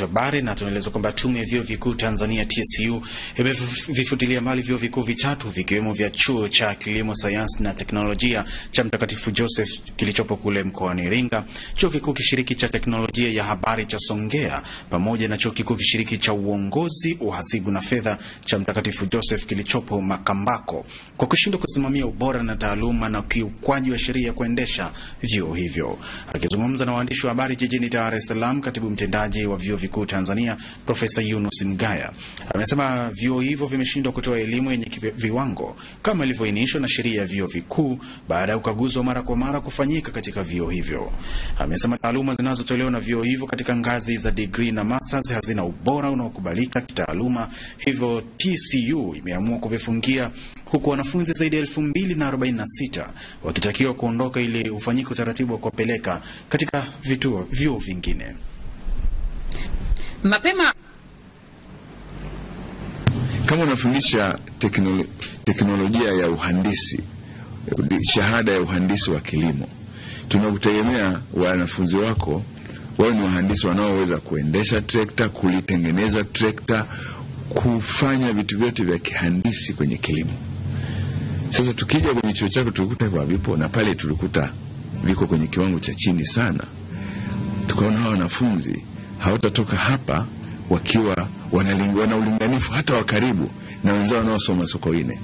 Habari na tunaeleza kwamba tume ya vyuo vikuu Tanzania TCU imevifutilia mbali vyuo vikuu vitatu vikiwemo vya chuo cha kilimo sayansi na teknolojia cha Mtakatifu Joseph kilichopo kule mkoani Iringa, chuo kikuu kishiriki cha teknolojia ya habari cha Songea, pamoja na chuo kikuu kishiriki cha uongozi, uhasibu na fedha cha Mtakatifu Joseph kilichopo Makambako kwa kushindwa kusimamia ubora na taaluma na ukiukwaji wa sheria kuendesha vyuo hivyo. Akizungumza na waandishi wa habari jijini Dar es Salaam, katibu mtendaji wa vyuo Vikuu Tanzania Profesa Yunus Mgaya amesema vyuo hivyo vimeshindwa kutoa elimu yenye viwango kama ilivyoainishwa na sheria ya vyuo vikuu baada ya ukaguzi wa mara kwa mara kufanyika katika vyuo hivyo. Amesema taaluma zinazotolewa na vyuo hivyo katika ngazi za degree na masters hazina ubora unaokubalika kitaaluma, hivyo TCU imeamua kuvifungia huku wanafunzi zaidi ya elfu mbili na arobaini na sita wakitakiwa kuondoka ili ufanyike utaratibu wa kuwapeleka katika vituo vyuo vingine mapema. Kama unafundisha teknolo teknolojia ya uhandisi, shahada ya uhandisi wa kilimo, tunakutegemea wanafunzi wako wawe ni wahandisi wanaoweza kuendesha trekta, kulitengeneza trekta, kufanya vitu vyote vya kihandisi kwenye kilimo. Sasa tukija kwenye chuo chako tulikuta hivyo havipo, na pale tulikuta viko kwenye kiwango cha chini sana. Tukaona hawa wanafunzi hawatatoka hapa wakiwa wana ulinganifu hata wa karibu na wenzao wanaosoma Sokoine.